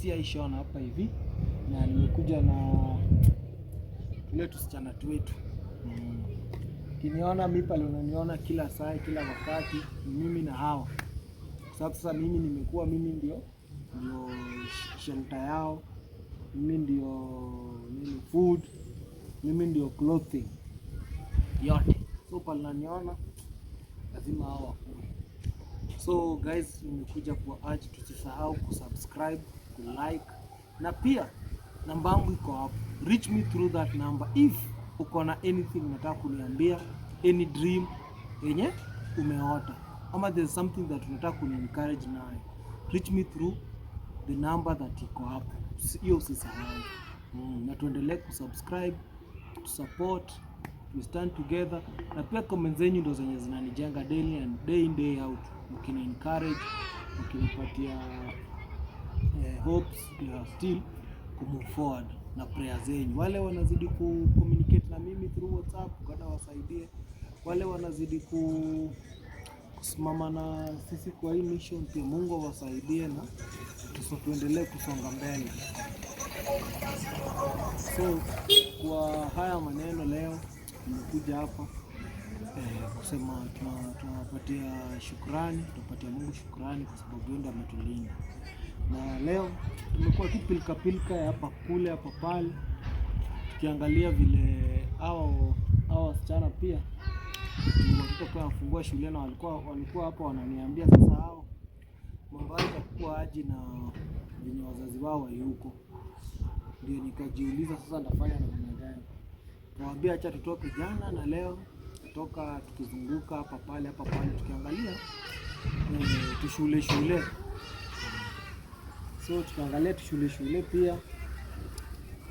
si Aisha hapa hivi, na nimekuja na tule tusichana wetu Kiniona mi pale, unaniona kila saa kila wakati mimi na hawa sababu. Sasa mimi nimekuwa mimi ndio ndio shelta yao, mimi ndio nini food, mimi ndio clothing yote, so pale naniona lazima hawa wakule. So guys, nimekuja kwa urge tusisahau kusubscribe kulike na pia namba yangu iko hapo, reach me through that number if uko na anything unataka kuniambia, any dream yenye umeota ama there's something that unataka kuni encourage nayo, reach me through the number that iko hapo, hiyo usisahau. Mm, na tuendelee kusubscribe, support, we stand together, na pia comments zenyu ndo zenye zinanijenga daily and day in day out, mkini encourage mkinipatia hopes you are still move forward na prayer zenyu. Wale wanazidi ku communicate na mimi through WhatsApp, kana wasaidie wale wanazidi ku kusimama na sisi kwa hii mission, pia Mungu awasaidie na tuendelee kusonga mbele. So kwa haya maneno leo nimekuja hapa eh, kusema tunapatia shukrani, tunapatia Mungu shukrani kwa sababu yeye ndiye ametulinda na leo tumekuwa tu pilika pilika hapa kule hapa pale, tukiangalia vile hao hao wasichana pia watoto wafungua shule, na walikuwa walikuwa hapa wananiambia sasa hao mambo yao aje na venye wazazi wao walihuko. Ndio nikajiuliza sasa nitafanya namna gani? Nawaambia acha tutoke jana na leo toka tukizunguka hapa pale hapa pale tukiangalia e, shule, shule so tukaangalia tushule shule pia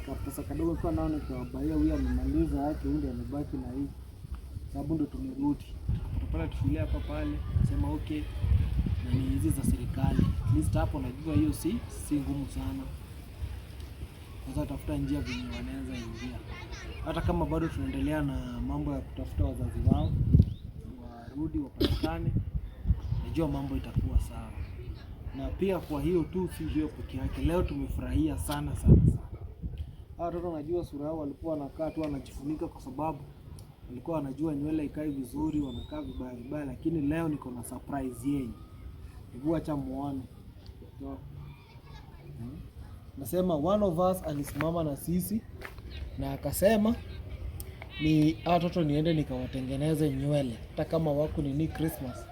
kapesa kadogo kwa naona kawabaia huyu amemaliza yake huyu amebaki na hii sababu ndo tumerudi tukapata tushule hapa pale sema okay na ni hizi za serikali list hapo najua hiyo si si ngumu sana sasa tafuta njia venye wanaanza ingia hata kama bado tunaendelea na mambo ya kutafuta wazazi wao warudi wapatikane najua mambo itakuwa sawa na pia kwa hiyo tu si hiyo peke yake. Leo tumefurahia sana sana sana. Hawa watoto najua sura yao walikuwa wanakaa tu wanajifunika, kwa sababu walikuwa wanajua nywele ikae vizuri, wanakaa vibaya vibaya, lakini leo niko na surprise yenu, hebu acha muone. Hmm? Nasema one of us alisimama na sisi na akasema ni watoto niende nikawatengeneze nywele, hata kama wako nini Christmas,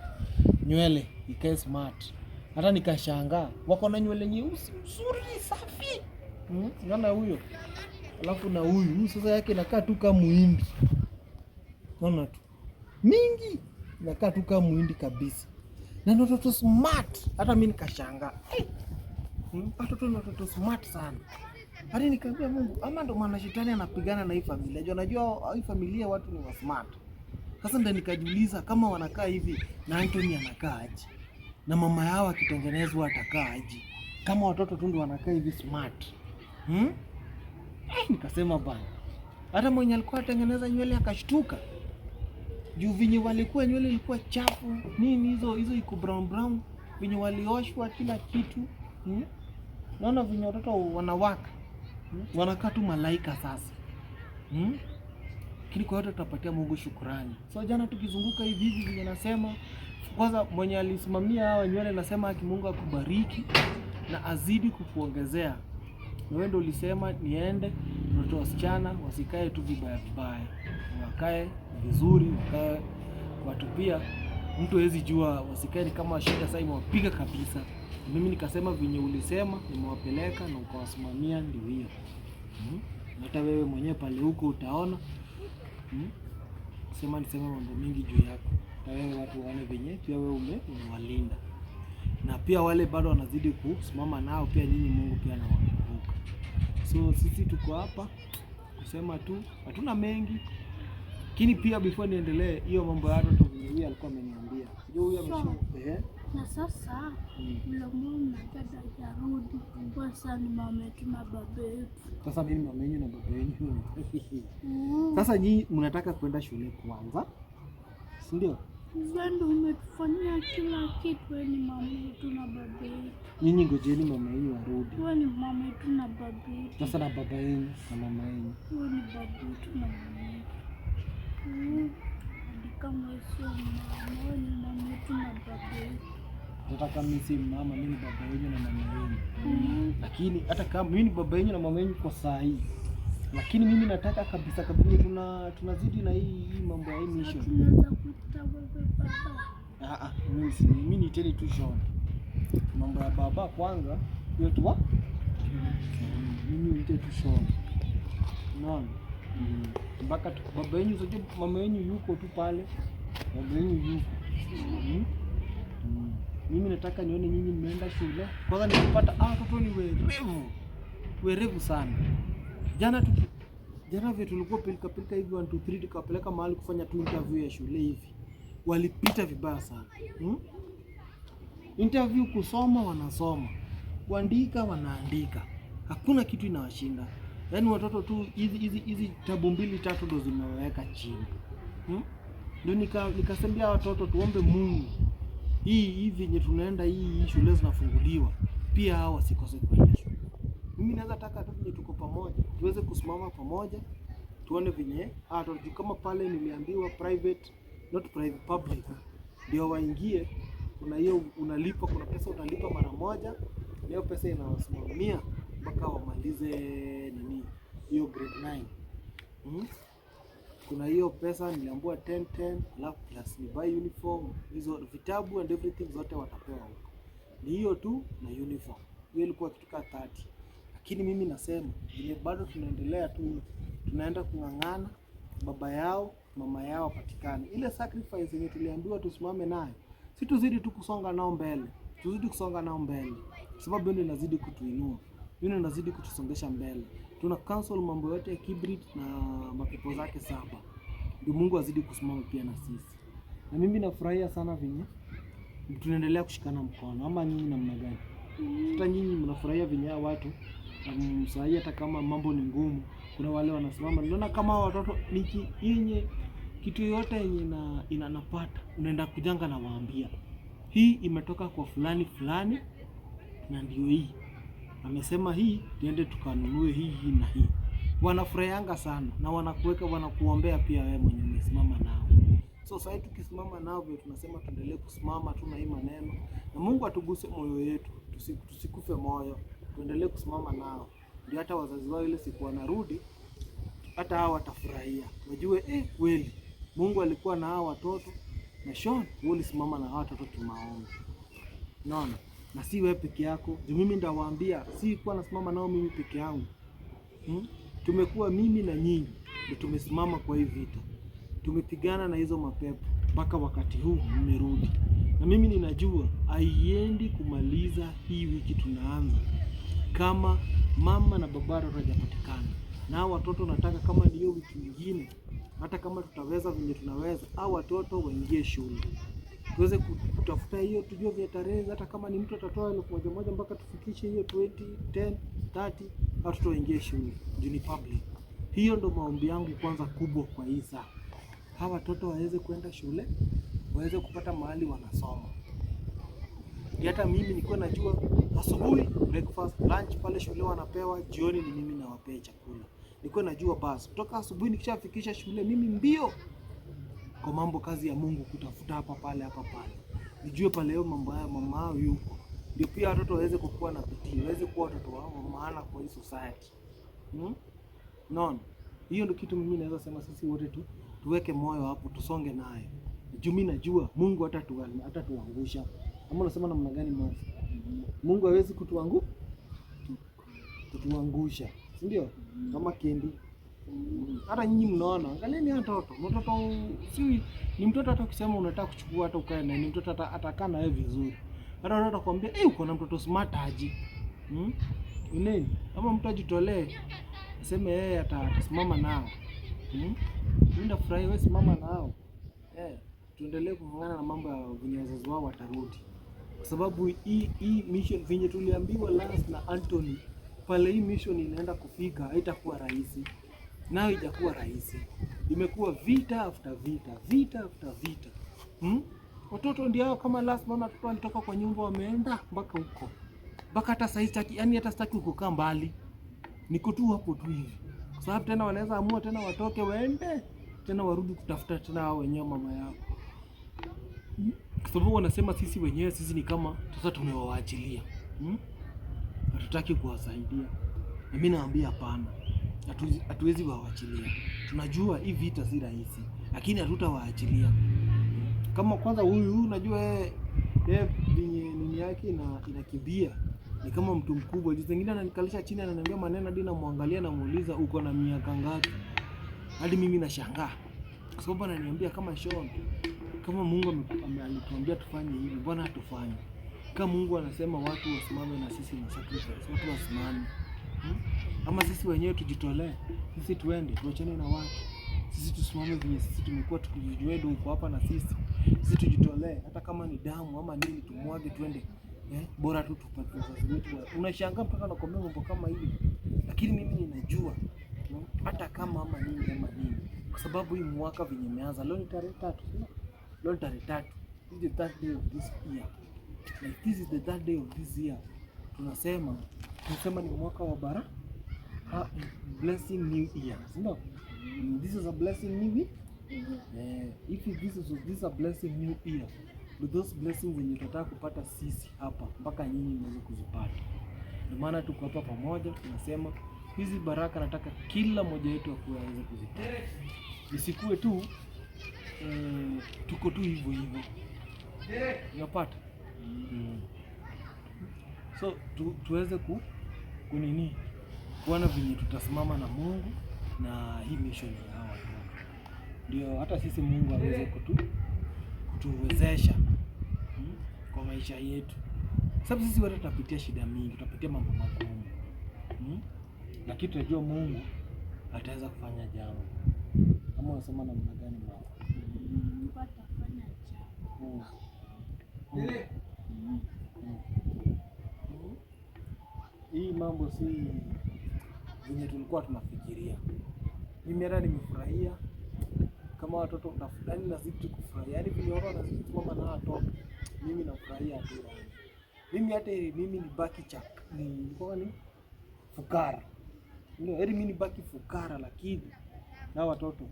nywele ikae smart hata nikashangaa wako na nywele nyeusi nzuri safi hmm? ngana hmm? huyo alafu na huyu sasa yake nakaa tu kama muhindi, naona tu mingi nakaa tu kama muhindi kabisa, na ni watoto smart. Hata mimi nikashangaa hey, hmm? watoto ni watoto smart sana. Hadi nikaambia Mungu, ama ndo maana shetani anapigana na hii familia juu anajua hii familia watu ni wa smart. Sasa ndo nikajiuliza kama wanakaa hivi na Anthony anakaa aje? na mama yao akitengenezwa atakaa Kama watoto tu ndio wanakaa hivi smart hmm? Eh, nikasema bana, hata mwenye alikuwa atengeneza nywele akashtuka juu vinye walikuwa nywele ilikuwa chafu nini, hizo hizo iko brown brown, vinye walioshwa kila kitu hmm? Naona vinye watoto wanawaka hmm? Wanakaa tu malaika sasa hmm? Kile kwa yote tutapatia Mungu shukurani. So jana tukizunguka hivi hivi vinye nasema kwanza mwenye alisimamia hawa nywele nasema Mungu akubariki na azidi kukuongezea. Wewe ndio ulisema niende watoto wasichana wasikae tu vibaya vibaya, wakae vizuri, wakae watu pia mtu hawezi jua, wasikae kama shida. Sasa imewapiga kabisa. Mimi nikasema vinye ulisema, nimewapeleka na ukawasimamia, ndio hiyo hmm. Hata wewe mwenyewe pale huko utaona Mhm. Sema nisema mambo mengi juu yako na wewe watu waone venye pia wewe ume umewalinda, na pia wale bado wanazidi kusimama nao, pia nyinyi Mungu pia anawakumbuka. So sisi tuko hapa kusema tu, hatuna mengi lakini pia before niendelee hiyo mambo ya watoto venye huyu alikuwa ameniambia, sijui huyu amesha na sasa mm. mlomona dada jarudi kwa yetu na baba yetu. Sasa mimi mama yenu na baba yenu. Mm. Sasa nyinyi mnataka kwenda shule kwanza, si ndio? Wewe ndio umetufanyia kila kitu. ni mama yetu na baba yetu. Nyinyi ngojeni mama yenu arudi. ni mama yetu na baba yetu. Sasa na baba yenu na mama yenu. Wewe ni baba yetu na mama yetu. Andika mwezi mama. Wewe ni mama yetu na baba yetu. Hata kama mimi si mama, mimi ni baba yenu na mama yenu. Mm. Lakini hata kama mimi ni baba yenu na mama yenu kwa saa hii lakini mimi nataka kabisa kabisa, tuna tunazidi na hii hii mambo ya mission. Ah ah, mimi si mimi ni tele tu John, mambo ya baba kwanza, hiyo tu ah. mimi ni tele tu John, unaona mpaka baba yenu sio mama yenu yuko tu pale, baba yenu yuko hmm? Hmm. mimi nataka nione nyinyi mmeenda shule kwanza, nikipata ah, watoto ni werevu werevu sana. Jana tu Jana vile tulikuwa pilika pilika hivi 1 2 3 tukapeleka mahali kufanya tu interview ya shule hivi. Walipita vibaya sana. Hmm? Interview kusoma wanasoma. Kuandika wanaandika. Hakuna kitu inawashinda. Yaani watoto tu hizi hizi hizi tabu mbili tatu ndo zimeweka chini. Hmm? Ndio nika nikasembia watoto tuombe Mungu. Hii hivi yenye tunaenda hii shule zinafunguliwa. Pia hao wasikose kwenda shule. Mimi naweza taka tu tuko pamoja tuweze kusimama pamoja, tuone vinye ah, kama pale nimeambiwa private not private public ndio waingie. Kuna hiyo unalipa, kuna pesa utalipa mara moja, leo pesa inawasimamia mpaka wamalize nini hiyo grade 9 hmm? Kuna hiyo pesa niliambiwa 10 10, alafu plus ni buy uniform, hizo vitabu and everything zote watapewa huko. Ni hiyo tu na uniform, hiyo ilikuwa kitu kama 30. Lakini mimi nasema vile bado tunaendelea tu, tunaenda kung'ang'ana baba yao mama yao wapatikane. Ile sacrifice yenye tuliambiwa tusimame nayo, si tuzidi tu kusonga nao mbele, tuzidi kusonga nao mbele, sababu ndio inazidi kutuinua, ndio inazidi kutusongesha mbele. Tuna cancel mambo yote ya kibrit na mapepo zake saba, ndio Mungu azidi kusimama pia na sisi. Na mimi nafurahia sana venye tunaendelea kushikana mkono, ama nyinyi namna gani? Hata nyinyi mnafurahia venye watu Mm, sahii hata kama mambo ni ngumu, kuna wale wanasimama. Naona kama watoto niki yenye kitu yote yenye na inanapata unaenda kujanga na waambia hii imetoka kwa fulani fulani, na ndio hii amesema hii, tuende tukanunue hii hii na hii. Wanafurahianga sana na wanakuweka wanakuombea pia wewe mwenye umesimama nao. So sasa tukisimama nao vile tunasema, tuendelee kusimama tu na hii maneno, na Mungu atuguse moyo yetu, tusikufe moyo tuendelee kusimama nao, ndio hata wazazi wao ile siku wanarudi, hata hao watafurahia, wajue eh, kweli Mungu alikuwa na hao watoto na Sean, wewe ulisimama na hao watoto kimaombi. Unaona? Na si wewe peke yako. Juu mimi ndawaambia, si kuwa nasimama nao mimi peke yangu. Hmm? Tumekuwa mimi na nyinyi ndio tumesimama kwa hii vita. Tumepigana na hizo mapepo mpaka wakati huu mmerudi. Na mimi ninajua haiendi kumaliza hii wiki tunaanza kama mama na baba hawajapatikana, na hao watoto nataka kama ni hiyo wiki nyingine, hata kama tutaweza vile tunaweza, au watoto waingie shule, tuweze kutafuta hiyo, tujue vya tarehe, hata kama ni mtu atatoa elfu moja moja mpaka tufikishe hiyo 20 10 30, watoto waingie shule juni public. Hiyo ndo maombi yangu kwanza kubwa kwa hii saa, hawa watoto waweze kwenda shule, waweze kupata mahali wanasoma. Ndio hata mimi nilikuwa najua asubuhi breakfast, lunch pale shule wanapewa, jioni ni mimi nawapea chakula. Nilikuwa najua basi kutoka asubuhi nikishafikisha shule mimi mbio kwa mambo kazi ya Mungu, kutafuta hapa pale hapa pale, nijue pale leo mambo haya mama yuko, ndio pia watoto waweze kukua na bidii, waweze kuwa watoto wao wa maana kwa hii society hmm? non hiyo ndio kitu mimi naweza sema, sisi wote tu tuweke moyo hapo, tusonge naye juu mimi najua Mungu hata tuangusha ama unasema namna gani mwanzo? Mungu hawezi kutuangu kutuangusha, si ndio? Kama kindi hata nyinyi mnaona, angalieni mtoto mtoto, si ni mtoto. Hata ukisema unataka kuchukua hata ukae naye, ni mtoto hata atakaa na wewe vizuri. Hata unataka kuambia eh, uko na mtoto smart haji hmm? Unene ama mtu ajitolee aseme yeye atasimama nao hmm? Nenda furahi wewe, simama nao eh, tuendelee kufungana na mambo ya venye wao watarudi kwa sababu hii hii mission venye tuliambiwa Lance na Anthony pale, hii mission inaenda kufika, haitakuwa rahisi, nayo ijakuwa rahisi. Imekuwa vita after vita, vita after vita, hmm? Watoto ndio hao, kama Lance, naona watoto walitoka kwa nyumba wameenda mpaka huko mpaka hata saizi taki, yani hata sitaki kukaa mbali, niko tu hapo tu hivi, kwa sababu tena wanaweza amua tena watoke waende tena warudi kutafuta tena wao wenyewe mama yao, hmm? kwa sababu wanasema sisi wenyewe sisi ni kama sasa tumewaachilia, hmm? Hatutaki kuwasaidia, na mimi naambia hapana, hatuwezi wawaachilia. Tunajua hii vita si rahisi, lakini hatutawaachilia kama kwanza huyu unajua yeye nini yake na inakimbia ni kama mtu mkubwa. Jizi zingine ananikalisha chini, ananiambia maneno hadi namwangalia, namuuliza uko na miaka ngapi? Hadi mimi nashangaa, kwa sababu ananiambia kama Sean kama Mungu alituambia tufanye hivi, mbona hatufanye? Kama Mungu anasema watu wasimame na sisi na sacrifice, watu wasimame hmm? Ama sisi wenyewe tujitolee, sisi tuende tuachane na watu, sisi tusimame venye sisi tumekuwa tukijuedu huko hapa na sisi sisi tujitolee, hata kama ni damu ama nini tumwage, tuende eh? Bora tu tupate wazazi wetu. Unashangaa mpaka nakwambia mambo kama hivi, lakini mimi ninajua hmm, hata kama ama nini ama nini, kwa sababu hii mwaka venye imeanza leo ni tarehe tatu leo tarehe tatu. This is the third day of this year. Like this is the third day of this year. Tunasema tunasema ni mwaka wa baraka. Ha, blessing new year. No. This is a blessing new year. Yeah. If this is this is a blessing new year. But those blessings zenye tunataka kupata sisi hapa mpaka nyinyi mweze kuzipata. Ndio maana tuko hapa pamoja tunasema hizi baraka nataka kila mmoja wetu aweze kuzipata. Isikuwe tu Eh, tuko tu hivyo hivyo, unapata mm. so tu, tuweze ku kunini kuona venye tutasimama na Mungu na hii mission ya hawa watoto, ndio hata sisi Mungu aweze kutu, kutuwezesha mm, kwa maisha yetu, sababu sisi wote tutapitia shida mingi, tutapitia mambo magumu mm, lakini tunajua Mungu ataweza kufanya jambo kama unasema namna hii mambo si zenye tulikuwa tunafikiria. Mimi hata nimefurahia kama watoto tafudani nazidi kufurahia, yaani vinyoro nazidi kuomba na watoto, mimi nafurahia tu. Yaani. Mimi hata ili mimi baki cha nilikuwa ni fukara, ndio ili yaani mimi baki fukara, lakini na watoto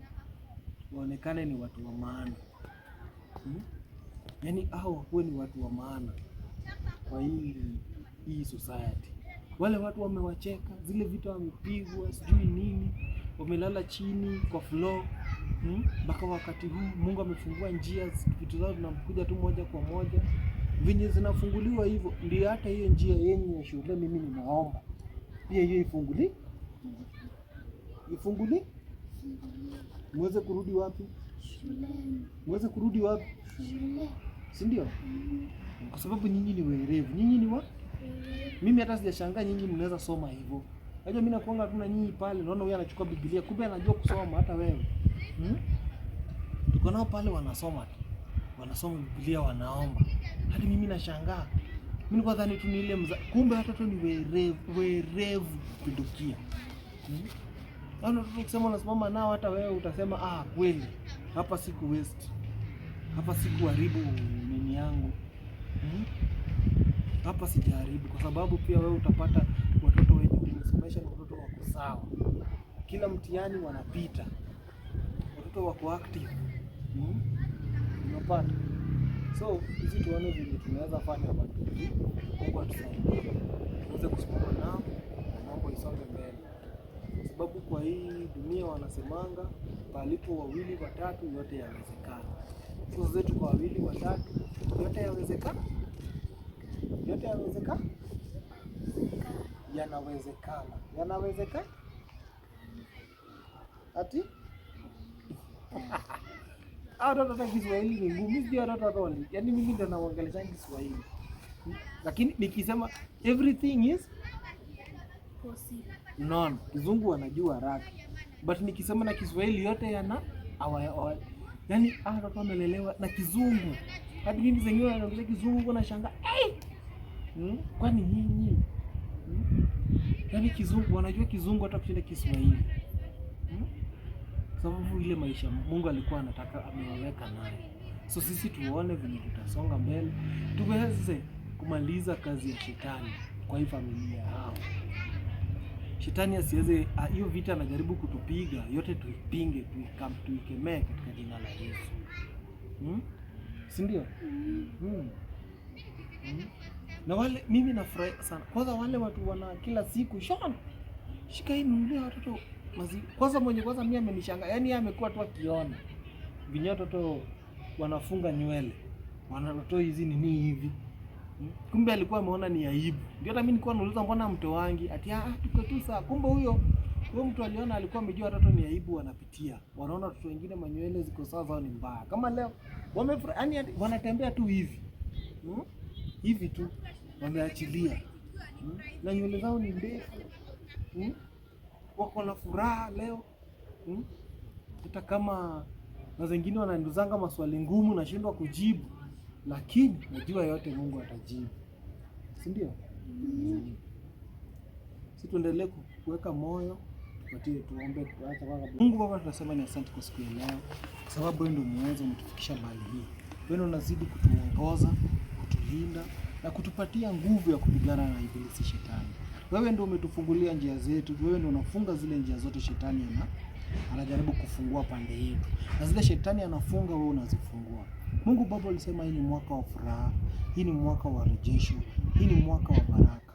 waonekane ni watu wa maana hmm? Yaani hao wakuwe ni watu wa maana kwa hii hii society. Wale watu wamewacheka, zile vitu wamepigwa, sijui nini, wamelala chini kwa floor hmm, mpaka hmm? Wakati huu Mungu amefungua njia, vitu zao zinamkuja tu moja kwa moja, vinyi zinafunguliwa hivyo, ndio hata hiyo njia yenyu ya shule, mimi ninaomba pia hiyo ifunguli ifunguli, muweze kurudi wapi? Muweze kurudi wapi? Shule si ndio? Kwa sababu nyinyi ni werevu, nyinyi ni wa mimi hata sijashangaa nyinyi mnaweza soma hivyo. Unajua mimi nakuanga tuna nyinyi pale, naona huyu anachukua Biblia, kumbe anajua kusoma hata wewe. Hmm? Tuko nao pale wanasoma tu. Wanasoma Biblia wanaomba. Hadi mimi nashangaa. Mimi nilikuwa dhani tu ni ile mza... kumbe hata tu ni werevu, werevu kupindukia. Hmm? Ana yaani tu kusema unasimama nao hata wewe utasema ah, kweli. Hapa siku waste. Hapa siku haribu yangu hmm? Hapa sijaribu kwa sababu pia wewe utapata watoto wenye umesomesha na watoto wako sawa, kila mtihani wanapita, watoto wako active hmm? Unapata so hizi tuone vile tunaweza fanya Mungu atusaidie tuweze kusimama nao na mambo isonge mbele, kwa sababu kwa hii dunia wanasemanga palipo wawili watatu yote yawezekana. zetu kwa wawili watatu yote yawezekana, yote yawezekana, yanawezekana, yanawezekana ati atotota Kiswahili ni ngumu, yaani mimi sio atototoli. Yani mimi ndo naongelesha Kiswahili, lakini nikisema everything is possible non kizungu wanajua haraka, but nikisema na Kiswahili yote yana awa, awa. Yani atotota amelelewa na kizungu hadi yaani mimi zenyewe naongea kizungu nashangaa hey! hmm? kwani nyinyi hmm? yaani kizungu wanajua kizungu hata kushinda Kiswahili hmm? sababu ile maisha Mungu alikuwa anataka amewaweka naye. So sisi tuone vile tutasonga mbele tuweze kumaliza kazi ya shetani kwa hii familia yao. Shetani asiweze ah, hiyo vita anajaribu kutupiga, yote tuipinge, tuikemee katika jina la Yesu hmm? si ndio? mm. mm. mm. na wale mimi nafurahi sana kwanza, wale watu wana kila siku Sean, shika hii nunulia watoto mazi kwanza. Mwenye kwanza mimi amenishanga, yaani yeye amekuwa tu akiona vinyo watoto wanafunga nywele wanatoa hizi nini hivi hmm. kumbe alikuwa ameona ni aibu. Ndio hata mimi nilikuwa nauliza mbona mtowangi ati ah, tuko tu saa kumbe huyo huyo mtu aliona, alikuwa amejua watoto ni aibu wanapitia, wanaona watoto wengine manywele ziko sawa, zao ni mbaya. Kama leo yani yaani, wanatembea tu hivi hmm? hivi tu wameachilia hmm? na nywele zao ni ndefu hmm? wako na furaha leo hmm? hata kama na zengine wananduzanga maswali ngumu, nashindwa kujibu, lakini najua yote Mungu atajibu, si ndio? mm. si tuendelee kuweka moyo tupatie, tuombe. Mungu Baba, tunasema ni asante kwa siku ya leo, kwa sababu wewe ndio muweza, umetufikisha mahali hii. Wewe ndio unazidi kutuongoza, kutulinda na kutupatia nguvu ya kupigana na ibilisi shetani. Wewe ndio umetufungulia njia zetu, wewe ndio unafunga zile njia zote shetani ana anajaribu kufungua pande yetu, na zile shetani anafunga, wewe unazifungua. Mungu Baba, ulisema hii ni mwaka wa furaha, hii ni mwaka wa rejesho, hii ni mwaka wa baraka.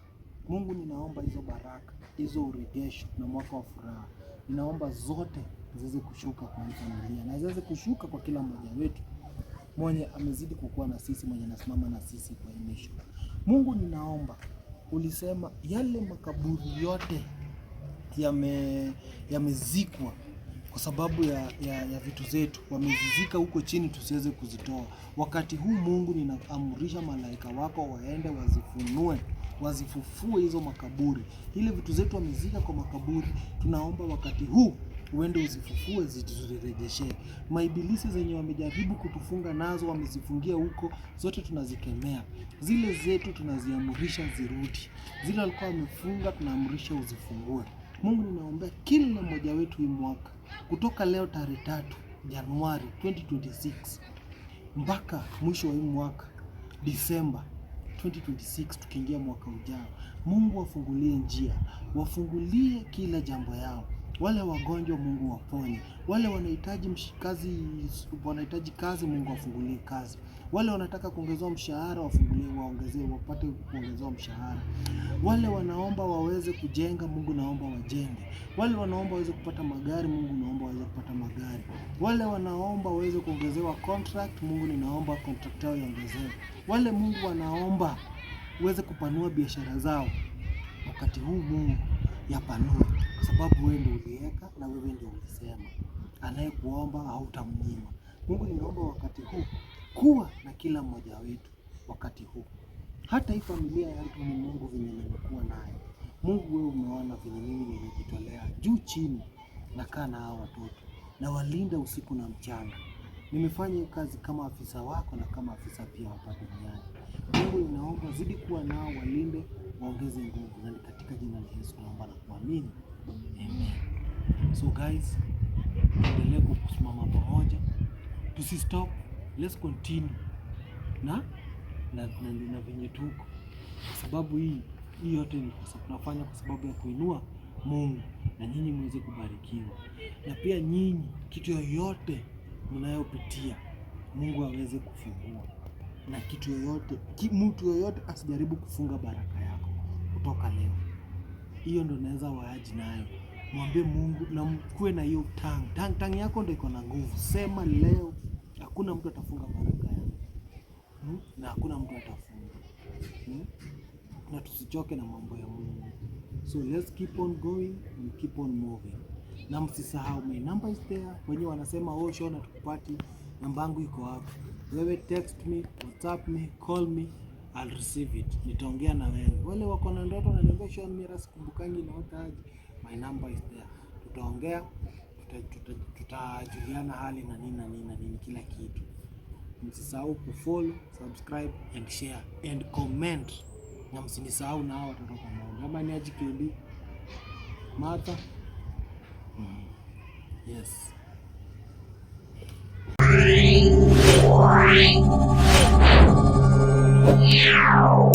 Mungu, ninaomba hizo baraka hizo urejesho na mwaka wa furaha. Ninaomba zote ziweze kushuka kwa familia na ziweze kushuka kwa kila mmoja wetu mwenye amezidi kukua na sisi, mwenye anasimama na sisi kwa mwisho. Mungu, ninaomba ulisema yale makaburi yote yamezikwa kwa sababu ya, ya, ya vitu zetu wamezizika huko chini tusiweze kuzitoa. Wakati huu Mungu, ninaamrisha malaika wako waende wazifunue wazifufue hizo makaburi. Ile vitu zetu wamezika kwa makaburi, tunaomba wakati huu uende uzifufue zizirejeshee Maibilisi zenye wamejaribu kutufunga nazo wamezifungia huko, zote tunazikemea. Zile zetu tunaziamurisha zirudi, zile walikuwa wamefunga tunaamrisha uzifungue. Mungu, ninaombea kila mmoja wetu hii mwaka kutoka leo tarehe tatu Januari 2026 mpaka mwisho wa hii mwaka Disemba 2026 tukiingia mwaka ujao. Mungu wafungulie njia, wafungulie kila jambo yao wale wagonjwa Mungu waponye, wale wanahitaji mshikazi, wanahitaji kazi Mungu afungulie kazi, wale wanataka kuongezewa mshahara wafungulie, waongezee, wapate kuongezewa mshahara, wale wanaomba waweze kujenga Mungu naomba wajenge, wale wanaomba waweze kupata magari Mungu naomba waweze kupata magari, wale wanaomba waweze kuongezewa contract Mungu ninaomba contract yao iongezewe, wale Mungu wanaomba uweze kupanua biashara zao wakati huu Mungu yapanue, kwa sababu wewe ndio uliweka na wewe ndio ulisema, anayekuomba hautamnyima. Mungu, nimeomba wakati huu kuwa na kila mmoja wetu wakati huu, hata hii familia yangu ni Mungu venye nimekuwa naye Mungu, wewe umeona venye mimi nimejitolea juu chini, nakaa na hao watoto na walinda usiku na mchana. Nimefanya kazi kama afisa wako na kama afisa pia hapa duniani. Mungu, ninaomba zidi kuwa nao, walinde waongeze nguvu, yani katika jina la Yesu naomba na kuamini Amen. So guys, tuendelee kusimama pamoja, tusistop, let's continue na na, na, na venye tuko, kwa sababu hii hii yote ni tunafanya kwa sababu ya kuinua Mungu na nyinyi mweze kubarikiwa, na pia nyinyi kitu yoyote mnayopitia Mungu aweze kufungua, na kitu yoyote, mtu yoyote asijaribu kufunga baraka yao kutoka leo. Hiyo ndio naweza waaji nayo, mwambie Mungu na mkuwe na hiyo tang tang tang yako ndio iko na nguvu. Sema leo hakuna mtu atafunga baraka yangu hmm? na hakuna mtu atafunga hmm? na tusichoke na mambo ya Mungu. So let's keep on going and keep on moving, na msisahau my number is there. Wenye wanasema oh, Shona tukupati, namba yangu iko hapo. Wewe text me, whatsapp me, call me I'll receive it, nitaongea na wewe. Wale wako na ndoto wananiambia sure, mimi rasi kumbukangi na hata aje. my number is there, tutaongea, tutajuliana, tuta, tuta hali na nini na nini na nini, kila kitu. Msisahau ku follow, subscribe and share and comment, na msinisahau na hao watoto kwa maoni kama ni aji KD Martha. Mm. Yes. Ciao.